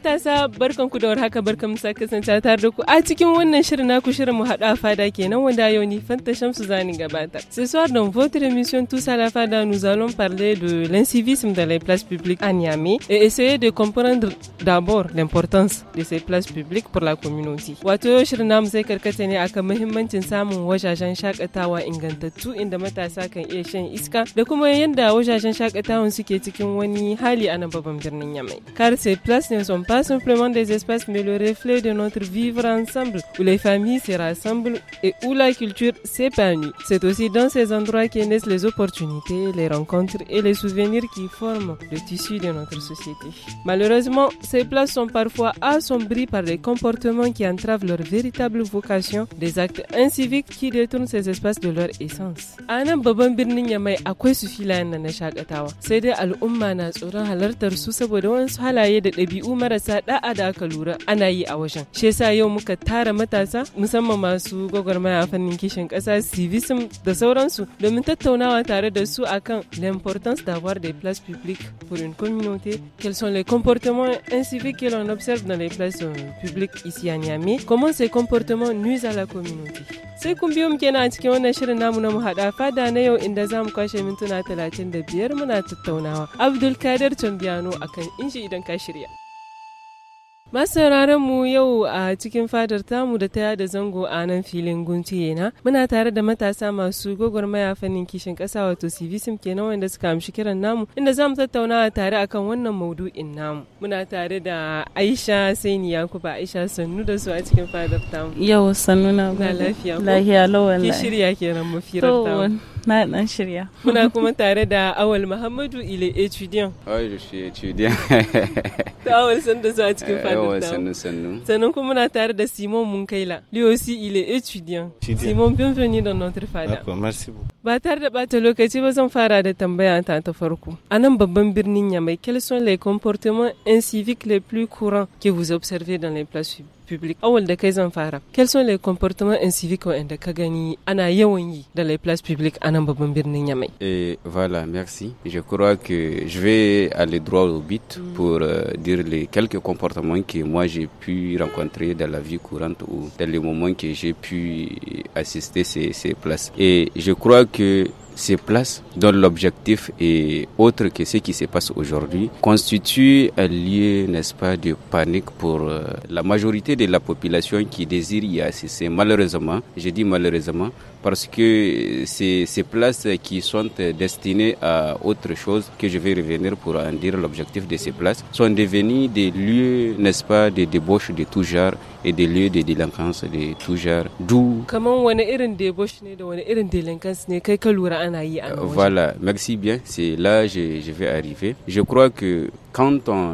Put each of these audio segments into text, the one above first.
matasa barkan ku da haka barkan musa kasance tare da ku a cikin wannan shirin naku shirin mu hada fada kenan wanda yau ni Fanta Shamsu zani gabata. Ce soir dans votre émission Tous à la fada nous allons parler de l'incivisme dans les places publiques à Niamey et essayer de comprendre d'abord l'importance de ces places publiques pour la communauté. Wato shirin namu sai karkata ne akan muhimmancin samun wajajen shakatawa ingantattu inda matasa kan iya shan iska da kuma yadda wajajen shakatawa suke cikin wani hali a nan babban birnin Yamai. Car ces places ne sont Pas simplement des espaces, mais le reflet de notre vivre ensemble, où les familles se rassemblent et où la culture s'épanouit. C'est aussi dans ces endroits que naissent les opportunités, les rencontres et les souvenirs qui forment le tissu de notre société. Malheureusement, ces places sont parfois assombries par des comportements qui entravent leur véritable vocation, des actes inciviques qui détournent ces espaces de leur essence. al'umma na halartar su saboda halaye da matasa da'a da aka lura ana yi a wajen shi yasa yau muka tara matasa musamman masu gwagwarmaya a fannin kishin ƙasa civism da sauransu domin tattaunawa tare da su akan l'importance d'avoir des places publiques pour une communauté quels sont les comportements inciviques que l'on observe dans les places euh, publiques ici à Niamey comment ces comportements nuisent à la communauté sai kun biyo muke na cikin wannan shirin namu na mu hada fada na yau inda za mu kwashe mintuna 35 muna tattaunawa abdulkadir cambiano akan inji idan ka shirya Masauraran mu yau a cikin fadar tamu da ta yada zango a nan filin guntiye na muna tare da matasa masu gwagwarmaya fannin kishin kasa wato civism kenan wanda suka amshi kiran namu inda za mu tattauna tare akan wannan maudu'in namu muna tare da Aisha Saini kuba Aisha sannu da su a cikin fadar tamu yau sannu na na lafiya lahiya lawan ki shirya kenan mu firar na dan shirya muna kuma tare da Awal Muhammadu ile Etudian ah Awal shi ta Awal san da su a cikin eh, fadar c'est nous, c'est nous. C'est de Simon Munkaila. Lui aussi, il est étudiant. Simon, bienvenue dans notre FADA. D'accord, merci beaucoup. Ba tare da ɓata lokaci ba fara da tambaya ta ta farko. A babban birnin quels sont les comportements inciviques les plus courants que vous observez dans les places publiques? Awal da kai zan fara. Quels sont les comportements inciviques wanda ka gani ana yawan yi dans les places publiques a nan babban birnin Et eh, voilà, merci. Je crois que je vais aller droit au but mm. pour euh, dire les quelques comportements que moi j'ai pu rencontrer dans la vie courante ou dans les moments que j'ai pu assister ces, ces places. Et je crois que Ces places, dans l'objectif est autre que ce qui se passe aujourd'hui, constitue un lieu, n'est-ce pas, de panique pour euh, la majorité de la population qui désire y assister. Malheureusement, je dis malheureusement, parce que c'est ces places qui sont destinées à autre chose que je vais revenir pour en dire l'objectif de ces places sont devenues des lieux, n'est-ce pas, de débauche de tout genre et des lieux de délinquance de tout genre. D'où. Comment on débauche, on délinquance, on voilà, merci bien. C'est là que je, je vais arriver. Je crois que quand on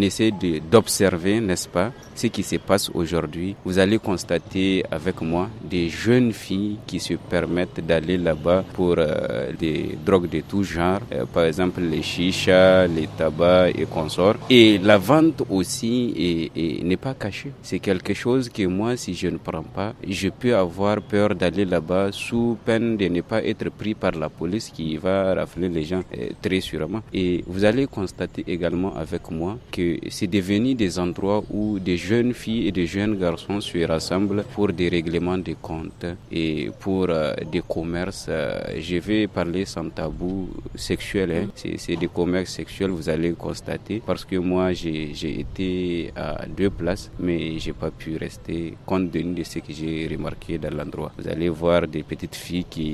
essaie d'observer, n'est-ce pas, ce qui se passe aujourd'hui, vous allez constater avec moi des jeunes filles qui se permettent d'aller là-bas pour euh, des drogues de tout genre, euh, par exemple les chichas, les tabacs et consorts. Et la vente aussi n'est pas cachée. C'est quelque chose que moi, si je ne prends pas, je peux avoir peur d'aller là-bas sous peine de ne pas être pris par la police qui va rafler les gens euh, très sûrement. Et vous allez constater également avec moi que c'est devenu des endroits où des jeunes filles et des jeunes garçons se rassemblent pour des règlements de comptes et pour euh, des commerces. Euh, je vais parler sans tabou sexuel. Hein. C'est des commerces sexuels, vous allez constater, parce que moi j'ai été à deux places, mais j'ai pas pu rester compte tenu de ce que j'ai remarqué dans l'endroit. Vous allez voir des petites filles qui,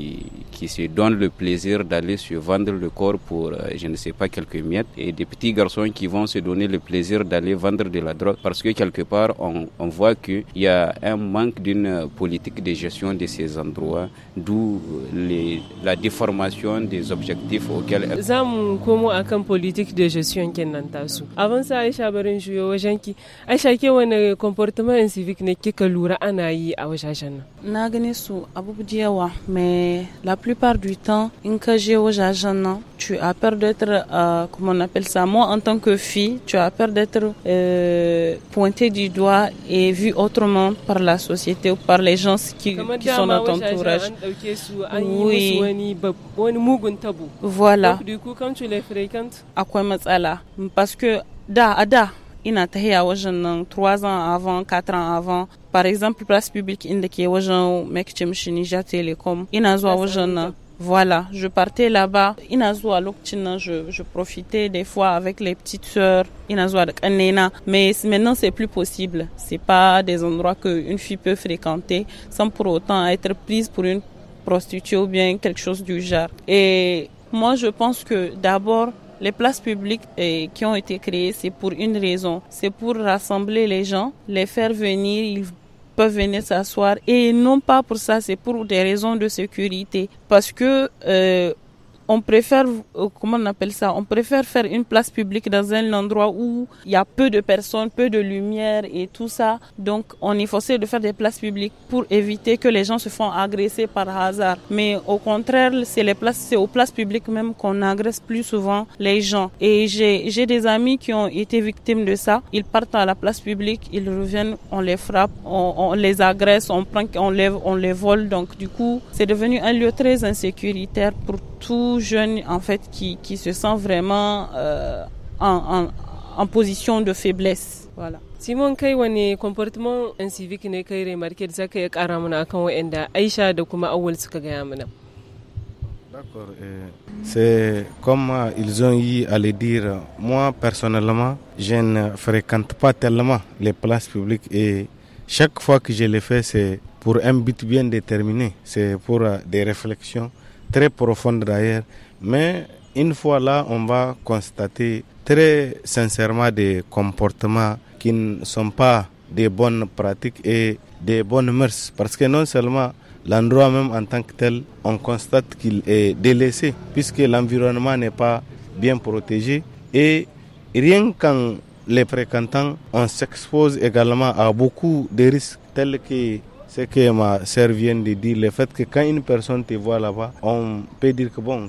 qui se donnent le plaisir d'aller se vendre le corps pour, euh, je ne sais pas, quelques miettes, et des petits garçons qui vont se donner le plaisir d'aller vendre de la drogue parce que quelque part, on, on voit qu'il y a un manque d'une politique de gestion de ces endroits, d'où euh, la déformation des objectifs auxquels... a une politique de gestion Avant ça, Aisha barin juyo wajen gens Aisha ke un euh, comportement civique ne kika lura ana a wajajen nan? Na gane su mais la plupart du temps, in ka je nan, tu as peur d'être, euh, comment on appelle ça, moi en en tant que fille, tu as peur d'être euh, pointée du doigt et vue autrement par la société ou par les gens qui, sont dans ton entourage. Oui. Voilà. du coup, quand tu les fréquentes. À quoi Parce que, da, ada. ina tahiya wajen nan 3 ans avant 4 ans avant par exemple place publique inda ke wajen make mishi Niger Telecom ina zuwa wajen nan voilà, je partais là-bas. je, je profitais des fois avec les petites sœurs. Mais maintenant, c'est plus possible. C'est pas des endroits qu'une fille peut fréquenter sans pour autant être prise pour une prostituée ou bien quelque chose du genre. Et moi, je pense que d'abord, les places publiques eh, qui ont été créées, c'est pour une raison. C'est pour rassembler les gens, les faire venir peuvent venir s'asseoir et non pas pour ça, c'est pour des raisons de sécurité. Parce que euh, on préfère, euh, comment on appelle ça, on préfère faire une place publique dans un endroit où il y a peu de personnes, peu de lumière et tout ça. Donc, on est forcé de faire des places publiques pour éviter que les gens se font agresser par hasard. Mais au contraire, c'est les places, c'est aux places publiques même qu'on agresse plus souvent les gens. Et j'ai des amis qui ont été victimes de ça. Ils partent à la place publique, ils reviennent, on les frappe, on, les agresse, on prend, on les, on les vole. Donc, du coup, c'est devenu un lieu très insécuritaire pour tout jeune en fait qui, qui se sent vraiment euh, en, en, en position de faiblesse. Voilà. Simon kai wani comportement incivique civique ne kai remarqué da zaka ya kara mana akan wa'anda Aisha da kuma Awul suka gaya mana. D'accord. C'est comme ils ont eu à le dire, moi personnellement, je ne fréquente pas tellement les places publiques et chaque fois que je le fais, c'est pour un but bien déterminé, c'est pour des réflexions très profonde d'ailleurs. Mais une fois là, on va constater très sincèrement des comportements qui ne sont pas des bonnes pratiques et des bonnes mœurs. Parce que non seulement l'endroit même en tant que tel, on constate qu'il est délaissé, puisque l'environnement n'est pas bien protégé. Et rien qu'en les fréquentant, on s'expose également à beaucoup de risques tels que ce que ma sœur vient de dire, le fait que quand une personne te voit là-bas, on peut dire que bon,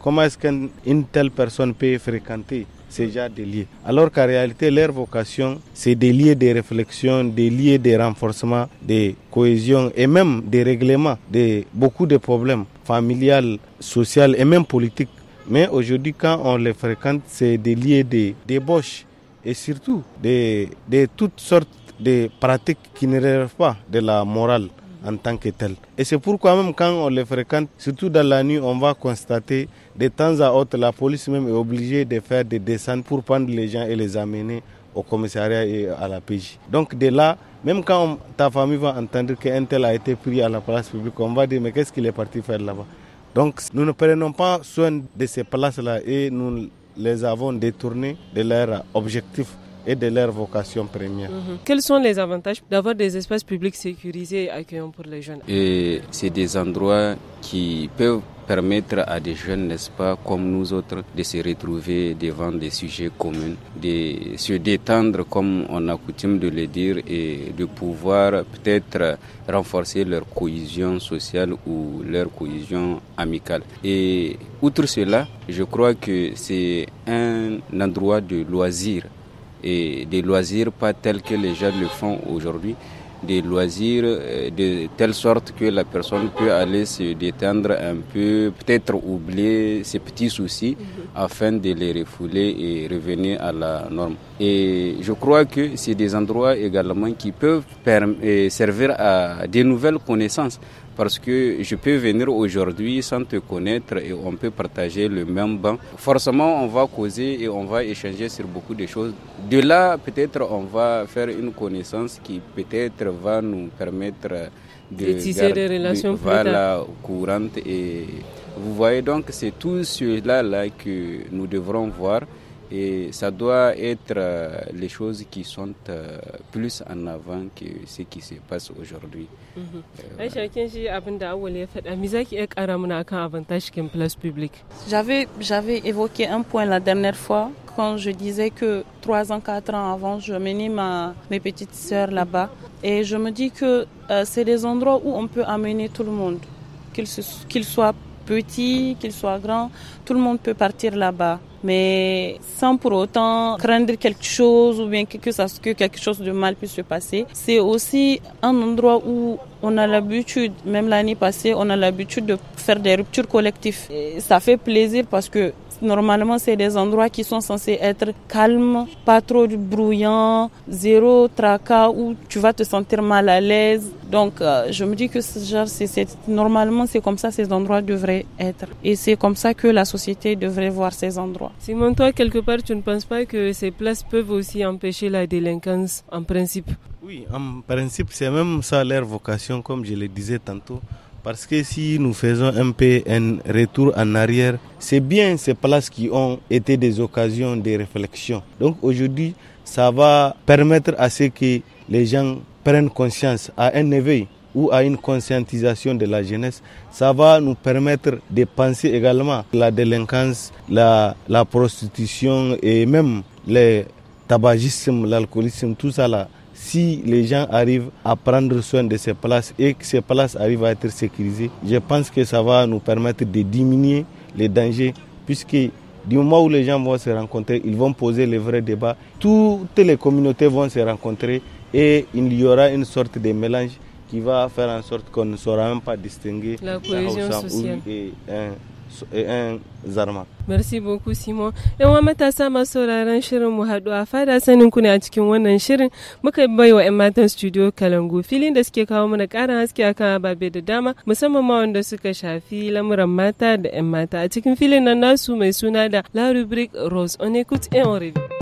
comment est-ce qu'une telle personne peut fréquenter ces gens de liés Alors qu'en réalité, leur vocation, c'est des liés de réflexion, des liés de renforcement, de cohésion et même des règlements de beaucoup de problèmes familiaux, sociaux et même politiques. Mais aujourd'hui, quand on les fréquente, c'est des liés de débauche et surtout de, de toutes sortes des pratiques qui ne relèvent pas de la morale en tant que telle. Et c'est pourquoi même quand on les fréquente, surtout dans la nuit, on va constater de temps à autre, la police même est obligée de faire des descentes pour prendre les gens et les amener au commissariat et à la PJ. Donc de là, même quand ta famille va entendre qu'un tel a été pris à la place publique, on va dire mais qu'est-ce qu'il est parti faire là-bas Donc nous ne prenons pas soin de ces places-là et nous les avons détournées de leur objectif et de leur vocation première. Mhm. Quels sont les avantages d'avoir des espaces publics sécurisés et accueillants pour les jeunes Et c'est des endroits qui peuvent permettre à des jeunes, n'est-ce pas, comme nous autres, de se retrouver devant des sujets communs, de se détendre comme on a coutume de le dire et de pouvoir peut-être renforcer leur cohésion sociale ou leur cohésion amicale. Et outre cela, je crois que c'est un endroit de loisirs et des loisirs pas tels que les jeunes le font aujourd'hui, des loisirs euh, de telle sorte que la personne peut aller se détendre un peu, peut-être oublier ses petits soucis mhm. afin de les refouler et revenir à la norme. Et je crois que c'est des endroits également qui peuvent euh, servir à des nouvelles connaissances parce que je peux venir aujourd'hui sans te connaître et on peut partager le même banc. Forcément, on va causer et on va échanger sur beaucoup de choses. De là, peut-être on va faire une connaissance qui peut-être va nous permettre de, tisser des relations la courantes et vous voyez donc c'est tout cela là que nous devrons voir. Et ça doit être euh, les choses qui sont euh, plus en avant que ce qui se passe aujourd'hui. Mhm. Euh, j'avais J'avais évoqué un point la dernière fois quand je disais que 3 ans, 4 ans avant, je menais ma, mes petites sœurs là-bas. Et je me dis que c'est des endroits où on peut amener tout le monde, qu'ils qu soient petit, qu'il soit grand, tout le monde peut partir là-bas. Mais sans pour autant craindre quelque chose ou bien que, que quelque chose de mal puisse se passer. C'est aussi un endroit où on a l'habitude, même l'année passée, on a l'habitude de faire des ruptures collectives. ça fait plaisir parce que Normalement, c'est des endroits qui sont censés être calmes, pas trop bruyants, zéro tracas où tu vas te sentir mal à l'aise. Donc, euh, je me dis que genre, normalement, c'est comme ça ces endroits devraient être. Et c'est comme ça que la société devrait voir ces endroits. Simon, toi, quelque part, tu ne penses pas que ces places peuvent aussi empêcher la délinquance en principe Oui, en principe, c'est même ça leur vocation, comme je le disais tantôt. Parce que si nous faisons un peu un retour en arrière, c'est bien ces places qui ont été des occasions de réflexion. Donc aujourd'hui, ça va permettre à ce que les gens prennent conscience à un éveil ou à une conscientisation de la jeunesse, ça va nous permettre de penser également la délinquance, la, la prostitution et même le tabagisme, l'alcoolisme, tout ça là si les gens arrivent à prendre soin de ces places et que ces places arrivent à être sécurisées, je pense que ça va nous permettre de diminuer les dangers, puisque du moment où les gens vont se rencontrer, ils vont poser les vrais débats, toutes les communautés vont se rencontrer et il y aura une sorte de mélange qui va faire en sorte qu'on ne saura même pas distinguer la cohésion sociale. Et, 'yan eh, eh, zarma. Merci beaucoup Simon. Yan matasa masu sauraron shirin mu haɗu a fada sanin ku ne a cikin wannan shirin muka bai wa 'yan matan studio Kalangu filin da suke kawo mana ƙarin haske akan ababe da dama musamman ma wanda suka shafi lamuran mata da 'yan mata a cikin filin nan nasu mai suna da La Rubrique Rose Onekut écoute revue.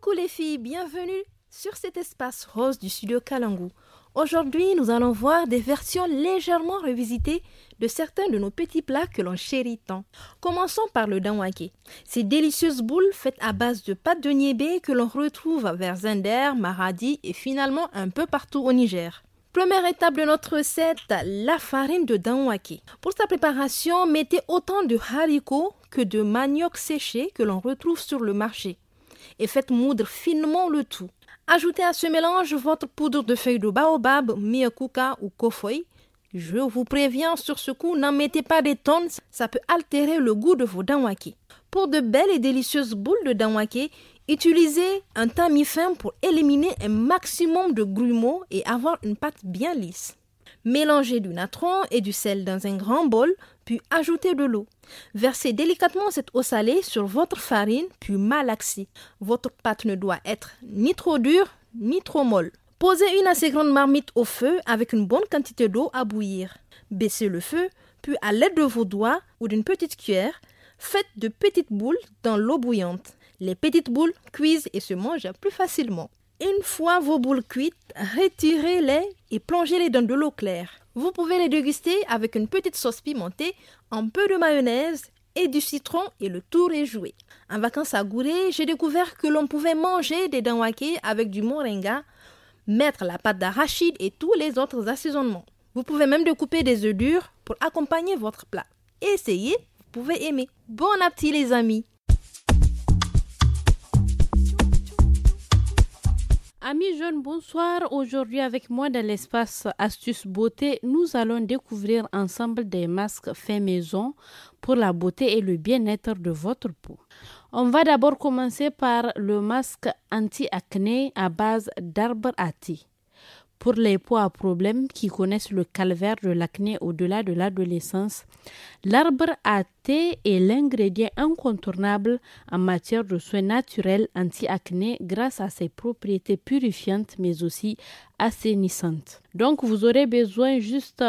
Coucou les filles, bienvenue sur cet espace rose du studio Kalangu. Aujourd'hui, nous allons voir des versions légèrement revisitées de certains de nos petits plats que l'on chérit tant. Commençons par le danwake. Ces délicieuses boules faites à base de pâte de niébé que l'on retrouve vers Zender, Maradi et finalement un peu partout au Niger. Première étape de notre recette, la farine de danwake. Pour sa préparation, mettez autant de haricots que de manioc séché que l'on retrouve sur le marché et faites moudre finement le tout. Ajoutez à ce mélange votre poudre de feuilles de baobab, miyakuka ou kofoi. Je vous préviens sur ce coup, n'en mettez pas des tonnes, ça peut altérer le goût de vos danwaki. Pour de belles et délicieuses boules de danwaki, utilisez un tamis fin pour éliminer un maximum de grumeaux et avoir une pâte bien lisse. Mélangez du natron et du sel dans un grand bol, puis ajoutez de l'eau. Versez délicatement cette eau salée sur votre farine, puis malaxez. Votre pâte ne doit être ni trop dure, ni trop molle. Posez une assez grande marmite au feu avec une bonne quantité d'eau à bouillir. Baissez le feu, puis à l'aide de vos doigts ou d'une petite cuillère, faites de petites boules dans l'eau bouillante. Les petites boules cuisent et se mangent plus facilement. Une fois vos boules cuites, retirez-les et plongez-les dans de l'eau claire. Vous pouvez les déguster avec une petite sauce pimentée, un peu de mayonnaise et du citron et le tour est joué. En vacances à Gouré, j'ai découvert que l'on pouvait manger des danwakés avec du moringa, mettre la pâte d'arachide et tous les autres assaisonnements. Vous pouvez même découper des œufs durs pour accompagner votre plat. Essayez, vous pouvez aimer. Bon appétit les amis Amis jeunes, bonsoir. Aujourd'hui avec moi dans l'espace Astuce Beauté, nous allons découvrir ensemble des masques faits maison pour la beauté et le bien-être de votre peau. On va d'abord commencer par le masque anti-acné à base d'arbre à thé. Pour les poids à problème qui connaissent le calvaire de l'acné au-delà de l'adolescence, l'arbre à thé est l'ingrédient incontournable en matière de soins naturels anti-acné grâce à ses propriétés purifiantes mais aussi assainissantes. Donc vous aurez besoin juste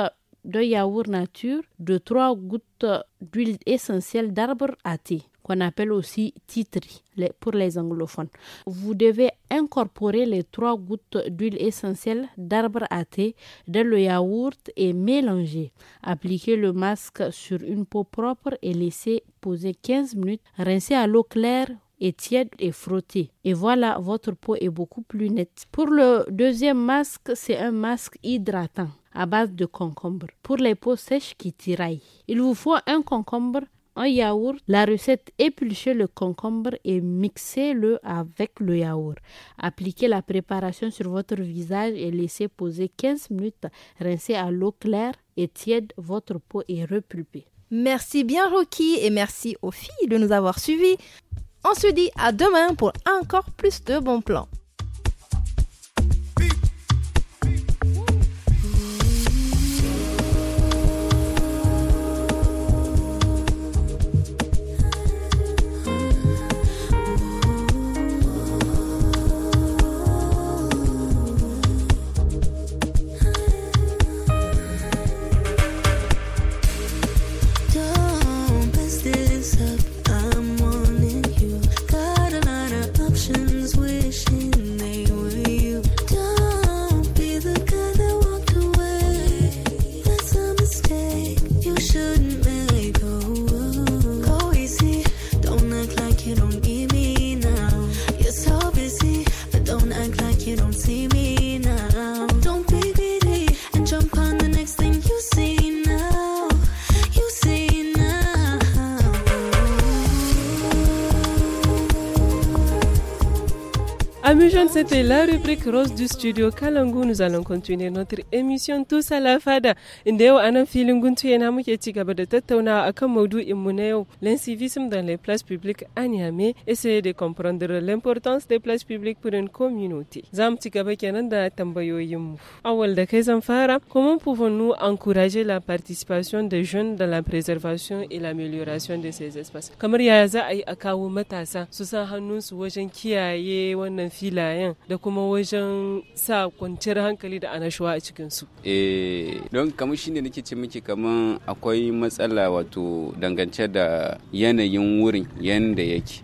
de yaourt nature, de trois gouttes d'huile essentielle d'arbre à thé appelle aussi titri pour les anglophones. Vous devez incorporer les trois gouttes d'huile essentielle d'arbre à thé dans le yaourt et mélanger. Appliquez le masque sur une peau propre et laissez poser 15 minutes. Rincez à l'eau claire et tiède et frottez. Et voilà, votre peau est beaucoup plus nette. Pour le deuxième masque, c'est un masque hydratant à base de concombre. Pour les peaux sèches qui tiraillent, il vous faut un concombre yaourt, la recette épulchez le concombre et mixez-le avec le yaourt. Appliquez la préparation sur votre visage et laissez poser 15 minutes. Rincez à l'eau claire et tiède votre peau est repulpée. Merci bien Rocky et merci aux filles de nous avoir suivis. On se dit à demain pour encore plus de bons plans. c'était la rubrique rose du studio Kalangu. Nous allons continuer notre émission tous à la fada. Ndeo anan filin guntu yana muke ci gaba da tattaunawa akan maudu'in l'incivisme dans les places publiques à Niamey, essayer de comprendre l'importance des places publiques pour une communauté. Zam gaba kenan da da kai fara, comment pouvons-nous encourager la participation des jeunes dans la préservation et l'amélioration de ces espaces? Kamar yaya za a yi matasa su wajen kiyaye wannan fila yayayen da kuma wajen sa kwanciyar hankali da anashuwa a cikinsu. Eh, don kamar shi ne nake ce miki kamar akwai matsala wato dangance da yanayin wurin yanda yake.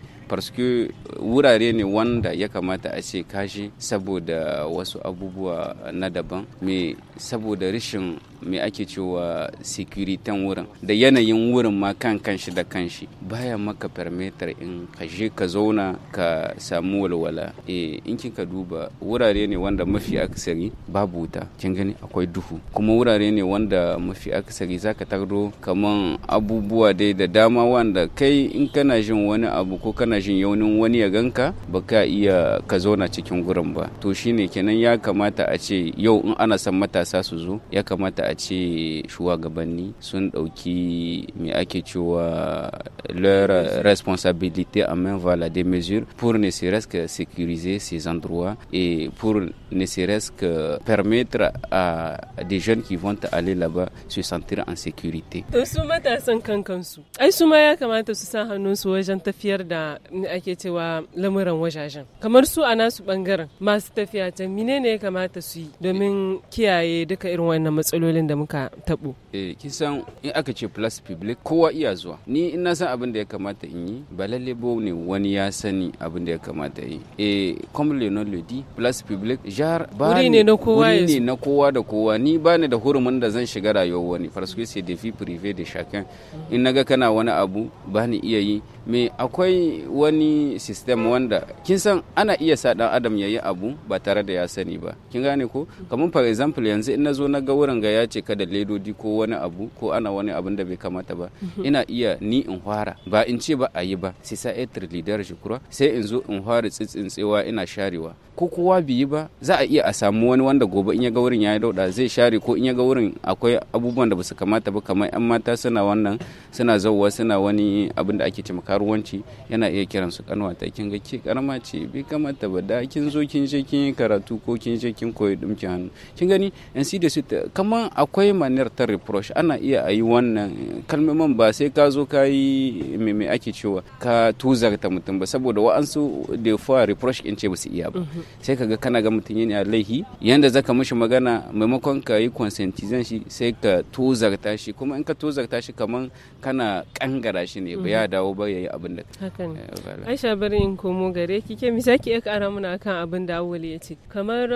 que wurare ne wanda ya kamata a ce kashi saboda wasu abubuwa na daban me saboda rashin me ake cewa sikiritan wurin da yanayin wurin ma kan kanshi da kanshi baya maka permitter in ka je ka zauna ka samu walwala e in kin ka duba wurare ne wanda mafi akasari babu wuta kin gani akwai duhu kuma wurare ne wanda mafi akasari zaka tardo kaman abubuwa dai da dama wanda kai in kana jin wani abu ko kana kana jin yaunin wani ya ganka ba ka iya ka zauna cikin gurin ba to shine kenan ya kamata a ce yau in ana son matasa su zo ya kamata a ce shugabanni sun ɗauki me ake cewa leur responsabilité à main voilà des mesures pour ne serait-ce que sécuriser ces endroits et pour ne serait-ce que permettre à des jeunes qui vont aller là-bas se sentir en sécurité. To su matasan kan kansu. Ai su ma ya kamata su sa hannunsu wajen tafiyar da ake cewa lamuran wajajen kamar su a nasu bangaren masu tafiya ta mine ne ya kamata su yi domin kiyaye duka irin wannan matsalolin da muka tabo eh kisan in aka ce plus public kowa iya zuwa ni in na san abin da ya kamata in yi ba lalle bo ne wani ya sani abin da ya kamata yi eh comme le nom le dit place publique jar ba ne na kowa ne na kowa da kowa ni ba ni da hurumin da zan shiga rayuwar wani parce que c'est des vies privées de chacun in naga kana wani abu ba ni iya yi me akwai wani system wanda kin san ana iya sa dan adam ya yi abu ba tare da ya sani ba kin gane ko kamar for example yanzu in na zo na ga wurin ga ya ce kada ledodi ko wani abu ko ana wani abin da bai kamata ba mhm. ina iya ni in fara ba in ce ba a yi ba sai sa etir leader shukura sai in zo in fara tsewa ina sharewa ko kowa bi yi ba za a iya a samu wani wanda gobe in ya ga wurin ya yi dauda zai share ko in ya ga wurin akwai abubuwan da ba su kamata ba kamar yan mata suna wannan suna zauwa suna wani abin da ake ce karuwanci yana iya kiran su kanwa ta kin ga ke karama ce bai kamata ba da kin zo kin je kin yi karatu ko kin je kin koyi dumkin hannu kin gani yan si da sita kaman akwai manar ta reproach ana iya ayi wannan eh, kalmomin ba sai ka zo ka yi eh, me me ake cewa ka ta mutum ba saboda wa'ansu da fa reproach in ce ba su iya ba mm-hmm. sai kaga kana ga mutum yana laihi yanda zaka mishi magana maimakon ka yi consentizan shi sai ka ta shi kuma in ka ta shi kaman kana kangara shi ne ba ya mm-hmm. dawo ba ya yi abin da zala aisha bari in komo gare ki ke misaki ya kara muna kan abin da awali ya ce kamar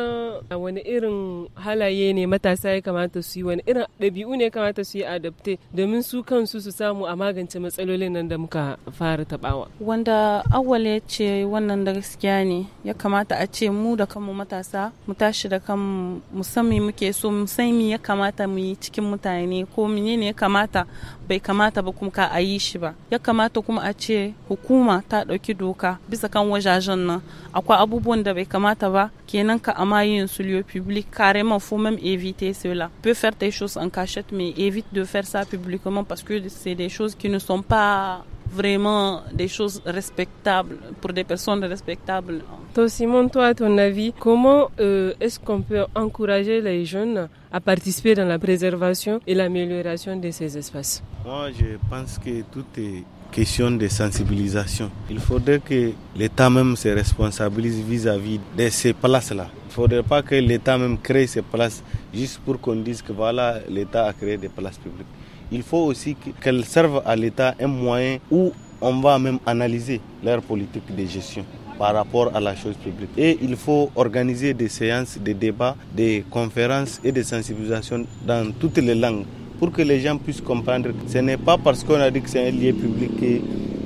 wani irin halaye ne matasa ya kamata su yi wani irin ɗabi'u ne kamata su yi adapte domin su kansu su samu a magance matsalolin nan da muka fara tabawa wanda awali ya ce wannan da gaskiya ne ya kamata a ce mu da kanmu matasa mu tashi da kanmu mu san muke so mu san ya kamata mu yi cikin mutane ko menene ya kamata bai kamata ba kuma ka a yi shi ba ya kamata kuma a ce hukuma ta ɗauki doka bisa kan wajajen nan akwai abubuwan da bai kamata ba kenan ka ama yin su lieu public carrément faut même éviter cela peut faire des choses en cachette mais évite de faire ça publiquement parce que c'est des choses qui ne sont pas vraiment des choses respectables pour des personnes respectables. Toi, Simon, toi, à ton avis, comment euh, est-ce qu'on peut encourager les jeunes à participer dans la préservation et l'amélioration de ces espaces Moi, je pense que tout est question de sensibilisation. Il faudrait que l'État même se responsabilise vis-à-vis -vis de ces places-là. Il ne faudrait pas que l'État même crée ces places juste pour qu'on dise que voilà, l'État a créé des places publiques il faut aussi qu'elles servent à l'État un moyen où on va même analyser leur politique de gestion par rapport à la chose publique. Et il faut organiser des séances, des débats, des conférences et des sensibilisations dans toutes les langues pour que les gens puissent comprendre. que Ce n'est pas parce qu'on a dit que c'est un lieu public que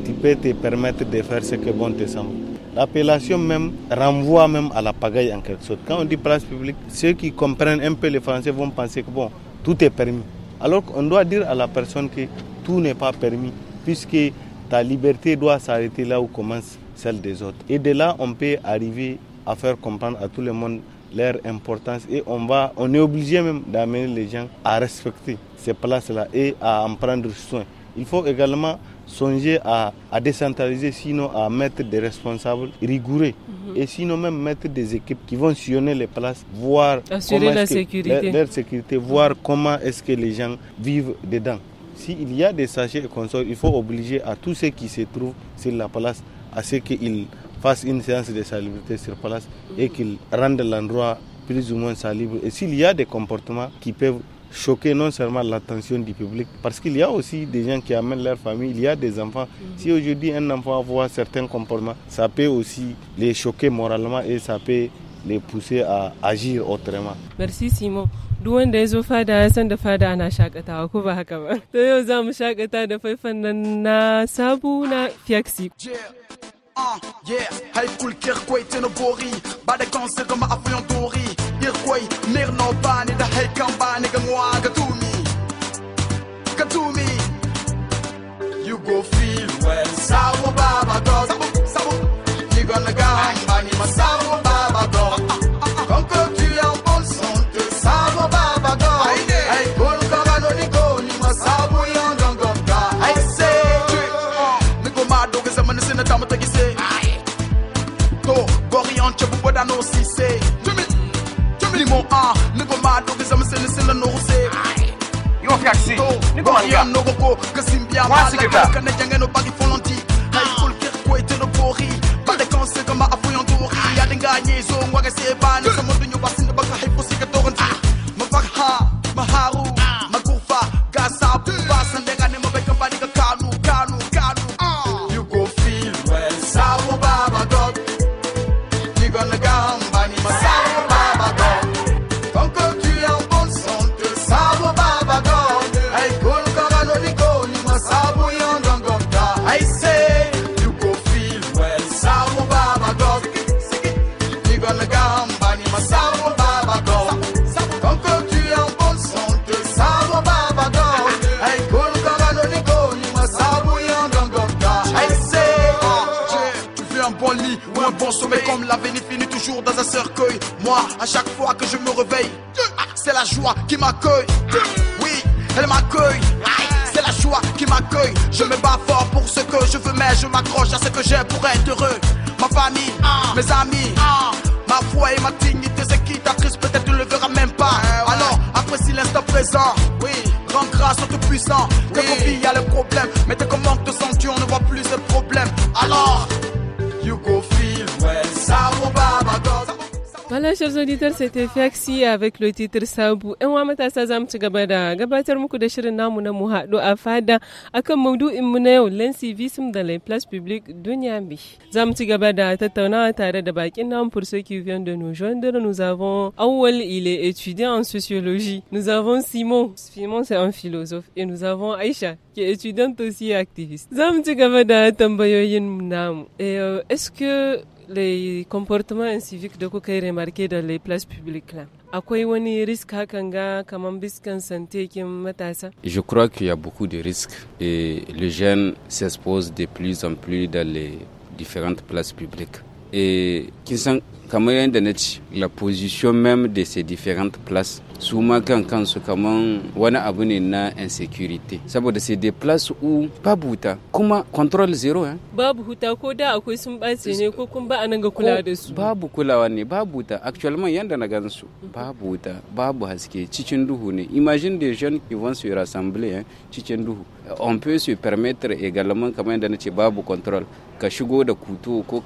tu peux te permettre de faire ce que bon te semble. L'appellation même renvoie même à la pagaille en quelque sorte. Quand on dit place publique, ceux qui comprennent un peu le français vont penser que bon, tout est permis. Alors qu'on doit dire à la personne que tout n'est pas permis, puisque ta liberté doit s'arrêter là où commence celle des autres. Et de là, on peut arriver à faire comprendre à tout le monde leur importance et on va, on est obligé même d'amener les gens à respecter ces places-là et à en prendre soin. Il faut également songer à, décentraliser, sinon à mettre des responsables rigoureux. Mhm. Et sinon même mettre des équipes qui vont sillonner les places, voir Assurer la sécurité. sécurité, voir mhm. comment est-ce que les gens vivent dedans. S'il y a des sachets et consorts, il faut obliger à tous ceux qui se trouvent sur la place à ce qu'ils fassent une séance de salubrité sur place et mhm. qu'ils rendent l'endroit plus ou moins salubre. Et s'il y a des comportements qui peuvent choquer non seulement l'attention du public, parce qu'il y a aussi des gens qui amènent leur famille, il y a des enfants. Mhm. Si aujourd'hui un enfant voit certains comportements, ça peut aussi les choquer moralement et ça peut les pousser à agir autrement. Merci Simon. duk wanda ya zo fada ya san da fada ana shakatawa ko ba haka ba to yau za mu shakata da faifan nan na sabu na fiaxi Yeah, haikul kirkwai tenobori, ba dir kwai ner no ba ni da hai kam ba ni ga you go feel when sawo baba does sawo you gonna go c'est niko un peu ou un bon sommet Comme la finit toujours dans un cercueil Moi, à chaque fois que je me réveille C'est la joie qui m'accueille Oui, elle m'accueille C'est la joie qui m'accueille Je me bats fort pour ce que je veux Mais je m'accroche à ce que j'ai pour être heureux Ma famille, mes amis Ma foi et ma dignité, c'est qui ta triste peut-être tu ne le verras même pas Alors, apprécie l'instant présent Oui Grand grâce au Tout-Puissant Que vos y a le problème Mais dès qu'on manque de tu on ne voit plus ce problème Alors You go feel well, Samuba. Voilà, chers auditeurs, c'était Faxi avec le titre Sabu. Et moi, matasa za mu ci gaba da gabatar muku da shirin namu na mu haɗu a fada akan maudu'in mu na yau l'incivisme da les places publiques duniya bi. Za tare da bakin pour ceux qui viennent de nous joindre. Nous avons Aouel, il est étudiant en sociologie. Nous avons Simon. Simon, c'est un philosophe. Et nous avons Aïcha, qui est étudiante aussi et activiste. Za mu tambayoyin namu. Et euh, est-ce que les comportements civiques de kuka remarqué remarqué dans les places publiques là akwai wani risk hakan à kaman biskan santé kin matasa je crois qu'il y a beaucoup de risques et les jeunes s'exposent de plus en plus dans les différentes places publiques et qui sont kamar yadda na ci la position même de ces différentes places su ma kan kansu kamar wani abu ne na insecurity saboda sai des places où babu huta kuma control zero eh? babu huta ko da akwai sun ɓace ne ko kun ba anan ga kula da su babu kulawa ne babu huta actuellement yanda na gan su babu huta babu haske cikin duhu ne imagine des jeunes qui vont se rassembler eh? cikin duhu Euh, on peut se permettre également quand même na ce babu control ka shigo da kuto ko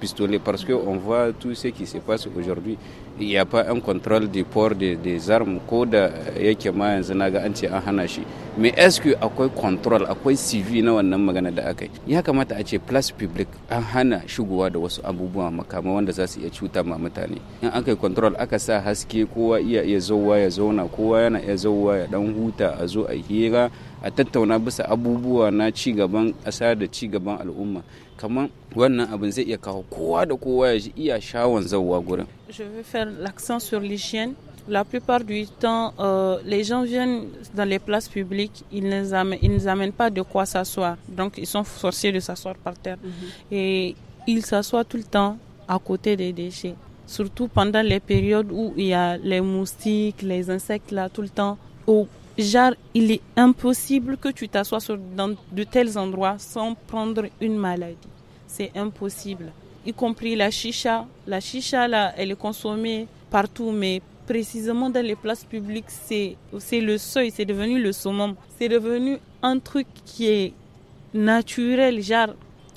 pistolet parce que on voit tout ce qui se passe aujourd'hui ya fa yan control de port de de zarm ko da yake ma yanzu naga an ce an hana shi me SQ akwai control akwai CV na wannan magana da aka yi ya kamata a ce plus public an hana shigowa da wasu abubuwa makama wanda za su iya cuta ma mutane in aka yi control aka sa haske kowa iya iya zowa ya zauna kowa yana iya zowa ya dan huta a zo a hira a tattauna bisa abubuwa na ci gaban ƙasa da ci gaban al'umma kamar wannan abin zai iya kawo kowa da kowa ya ji iya shawon zauwa gurin Je veux faire l'accent sur l'hygiène. La plupart du temps, euh, les gens viennent dans les places publiques, ils ne amènent, amènent pas de quoi s'asseoir. Donc, ils sont forcés de s'asseoir par terre. Mhm. Et ils s'assoient tout le temps à côté des déchets. Surtout pendant les périodes où il y a les moustiques, les insectes là tout le temps. Au genre, il est impossible que tu t'assoies dans de tels endroits sans prendre une maladie. C'est impossible y compris la chicha. La chicha, là, elle est consommée partout, mais précisément dans les places publiques, c'est le seuil, c'est devenu le summum. C'est devenu un truc qui est naturel, genre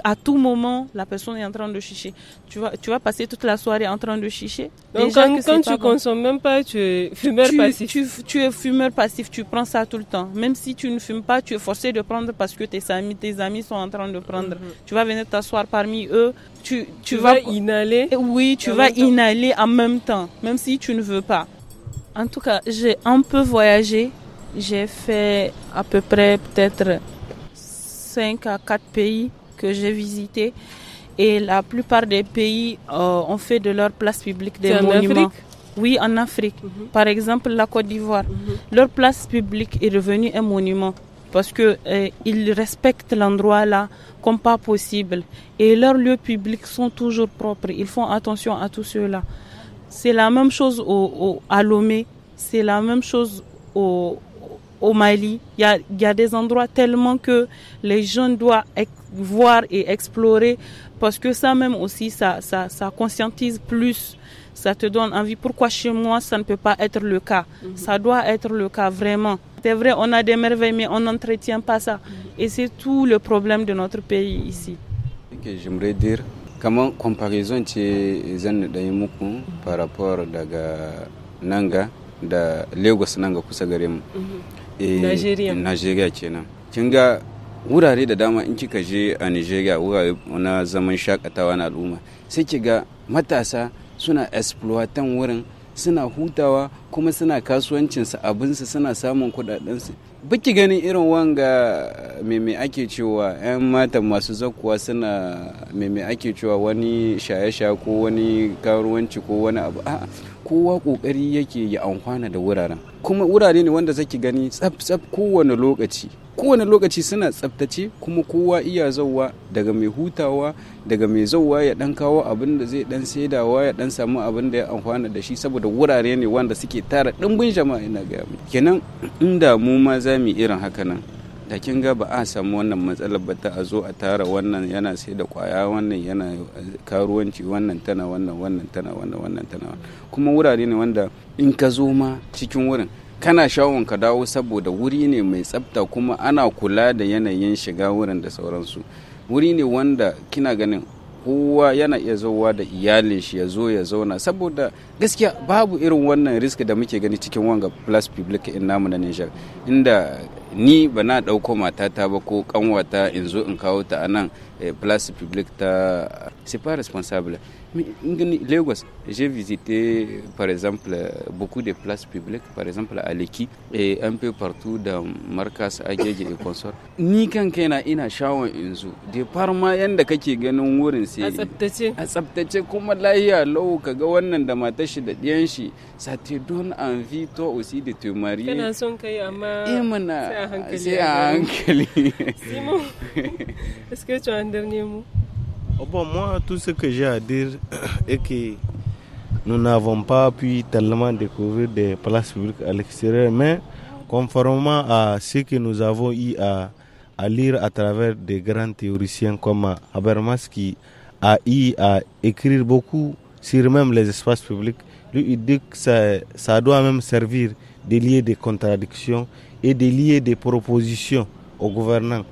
à tout moment, la personne est en train de chicher. Tu vas, tu vas passer toute la soirée en train de chicher. Donc, quand, tu ne consommes même pas, tu es fumeur passif. Tu, es fumeur passif, tu prends ça tout le temps. Même si tu ne fumes pas, tu es forcé de prendre parce que tes amis, tes amis sont en train de prendre. Mhm. Tu vas venir t'asseoir parmi eux. Tu, vas, vas, inhaler. Eh oui, tu vas inhaler en même temps, même si tu ne veux pas. En tout cas, j'ai un peu voyagé. J'ai fait à peu près peut-être 5 à 4 pays que j'ai visité Et la plupart des pays euh, ont fait de leur place publique des monuments. Oui, en Afrique. Mhm. Par exemple, la Côte d'Ivoire. Mhm. Leur place publique est devenue un monument parce que eh, ils respectent l'endroit là comme pas possible et leurs lieux publics sont toujours propres. Ils font attention à tout cela. C'est la même chose au, au à Lomé, c'est la même chose au, au Mali. Il y a, des endroits tellement que les jeunes doivent voir et explorer parce que ça même aussi, ça, ça, conscientise plus ça te donne envie. Pourquoi chez moi, ça ne peut pas être le cas mhm. Ça doit être le cas vraiment. C'est vrai, on a des merveilles, mais on n'entretient pas ça. Mhm. Et c'est tout le problème de notre pays ici. J'aimerais dire, comment comparaison par rapport à Nanga, de Lagos Nanga Eh, Najeriya. kenan. Kin ga wurare da dama in kika je a Najeriya wurare na zaman shakatawa na al'umma sai ki ga matasa suna exploitan wurin suna hutawa kuma suna kasuwancinsa abinsu suna samun kudadensu baki ganin irin wanga meme eh, ake cewa 'yan mata masu zakuwa suna meme ake cewa wani shaye-shaye ko wani karuwanci ko wani abu a'a kowa kokari yake ya amfana da wuraren kuma wurare ne wanda zaki gani tsaf-tsaf kowane lokaci kowane lokaci suna tsaftace kuma kowa iya zauwa daga mai hutawa daga mai zauwa ya dan kawo abin da zai dan saidawa ya dan samu abin da ya amfana da shi saboda wurare ne wanda suke tara dimbin jama'a ina ga kenan inda mu ma za mu irin haka nan da kin ga ba a samu wannan matsalar ba ta a zo a tara wannan yana sai da kwaya wannan yana karuwanci wannan tana wannan wannan tana wannan wannan tana kuma wurare ne wanda in ka zo ma cikin wurin kana shawon ka dawo saboda wuri ne mai tsafta kuma ana kula da yanayin shiga wurin da sauransu wuri ne wanda kina ganin kowa yana iya zowa da iyalin shi ya zo ya zauna saboda gaskiya babu irin wannan risk da muke gani cikin wanga plus public in namu na Niger inda ni ba na ɗauko matata ba ko kanwata in zo in kawo ta a nan eh, plus public ta c'est pas responsable Lagos, j'ai visité par exemple beaucoup de places publiques, par exemple à Leki et un peu partout dans Marcas, Agege et consorts. Ni kan kaina ina shawon in de da far ma yanda kake ganin wurin sai a tsaftace. A tsaftace kuma lahiya lau kaga wannan da matar shi da ɗiyan shi ça te donne envie toi aussi de te marier. Kana son kai amma eh, sai a hankali. Simon, est-ce que tu as un dernier mot? Oh, moi, tout ce que j'ai à dire est que nous n'avons pas pu tellement découvrir des places publiques à l'extérieur, mais conformément à ce que nous avons eu à, lire à travers des grands théoriciens comme Habermas qui a eu à écrire beaucoup sur même les espaces publics, lui, il dit que ça, ça doit même servir de lier des contradictions et de lier des propositions aux gouvernants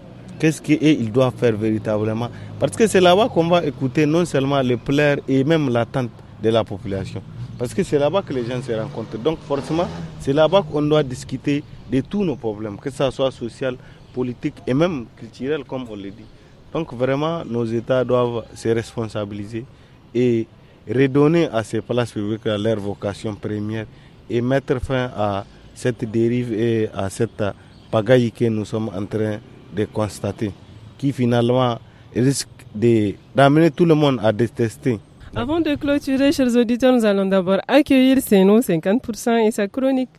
Qu'est-ce qu'ils doivent faire véritablement Parce que c'est là-bas qu'on va écouter non seulement les pleurs et même l'attente de la population. Parce que c'est là-bas que les gens se rencontrent. Donc forcément, c'est là-bas qu'on doit discuter de tous nos problèmes, que ce soit social, politique et même culturel, comme on le dit. Donc vraiment, nos États doivent se responsabiliser et redonner à ces places publiques leur vocation première et mettre fin à cette dérive et à cette pagaille que nous sommes en train de constater, qui finalement risque d'amener tout le monde à détester. Avant de clôturer, chers auditeurs, nous allons d'abord accueillir Seno 50% et sa chronique.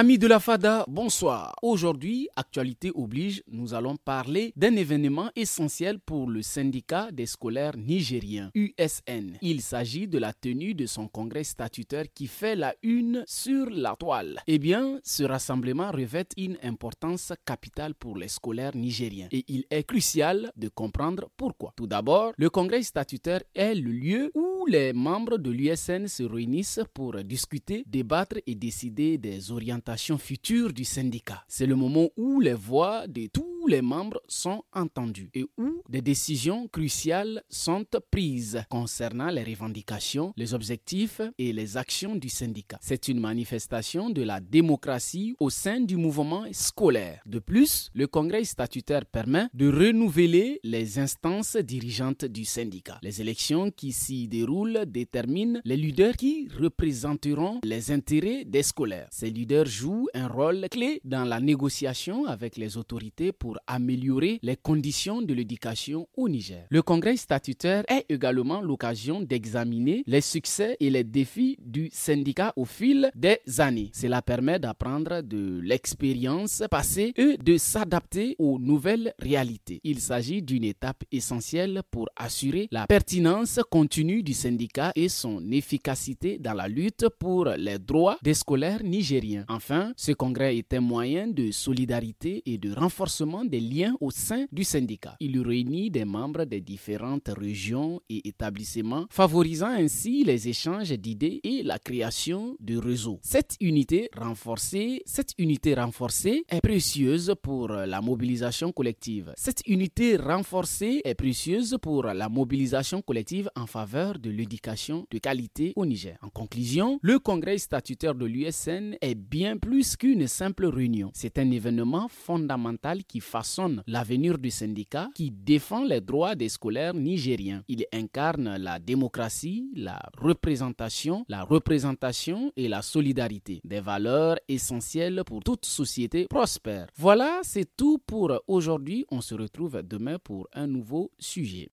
Amis de la FADA, bonsoir. Aujourd'hui, actualité oblige, nous allons parler d'un événement essentiel pour le syndicat des scolaires nigériens, USN. Il s'agit de la tenue de son congrès statutaire qui fait la une sur la toile. Eh bien, ce rassemblement revêt une importance capitale pour les scolaires nigériens et il est crucial de comprendre pourquoi. Tout d'abord, le congrès statutaire est le lieu où les membres de l'USN se réunissent pour discuter, débattre et décider des orientations future du syndicat. C'est le moment où les voix de tous les membres sont entendus et où des décisions cruciales sont prises concernant les revendications, les objectifs et les actions du syndicat. C'est une manifestation de la démocratie au sein du mouvement scolaire. De plus, le Congrès statutaire permet de renouveler les instances dirigeantes du syndicat. Les élections qui s'y déroulent déterminent les leaders qui représenteront les intérêts des scolaires. Ces leaders jouent un rôle clé dans la négociation avec les autorités pour améliorer les conditions de l'éducation au Niger. Le congrès statutaire est également l'occasion d'examiner les succès et les défis du syndicat au fil des années. Cela permet d'apprendre de l'expérience passée et de s'adapter aux nouvelles réalités. Il s'agit d'une étape essentielle pour assurer la pertinence continue du syndicat et son efficacité dans la lutte pour les droits des scolaires nigériens. Enfin, ce congrès est un moyen de solidarité et de renforcement des liens au sein du syndicat. Il réunit des membres des différentes régions et établissements, favorisant ainsi les échanges d'idées et la création de réseaux. Cette unité renforcée, cette unité renforcée est précieuse pour la mobilisation collective. Cette unité renforcée est précieuse pour la mobilisation collective en faveur de l'éducation de qualité au Niger. En conclusion, le congrès statutaire de l'USN est bien plus qu'une simple réunion. C'est un événement fondamental qui façonne l'avenir du syndicat qui défend les droits des scolaires nigériens. Il incarne la démocratie, la représentation, la représentation et la solidarité, des valeurs essentielles pour toute société prospère. Voilà, c'est tout pour aujourd'hui. On se retrouve demain pour un nouveau sujet.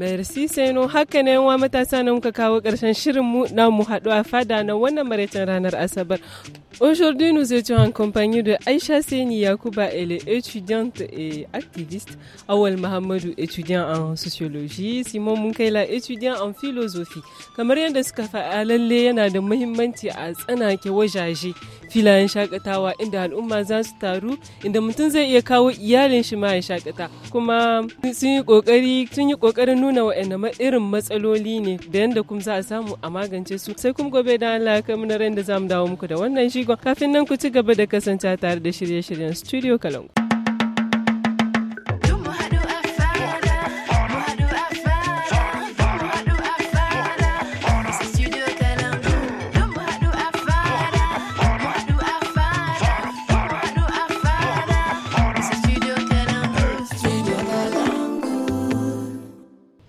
Merci Seno haka ne wa matasa na muka kawo karshen shirin mu na mu haɗu a fada na wannan maraicin ranar Asabar. Aujourd'hui, nous étions en compagnie de aisha Seni Yakuba, elle est étudiante et activiste. Awal Mahamadou, étudiant en sociologie. Simon Munkaila, étudiant en philosophie. Kamar yadda suka faɗa lalle yana da muhimmanci a ke wajaje filayen shakatawa inda al'umma za su taru inda mutum zai iya kawo iyalin shi ma ya shakata. Kuma sun yi kokari sun yi kokarin nuna wa'anne irin matsaloli ne da yadda kuma za a samu a magance su sai kuma gobe da Allah ka muna ran da zamu dawo muku da wannan shigon kafin nan ku ci gaba da kasance tare da shirye-shiryen studio Kalangu.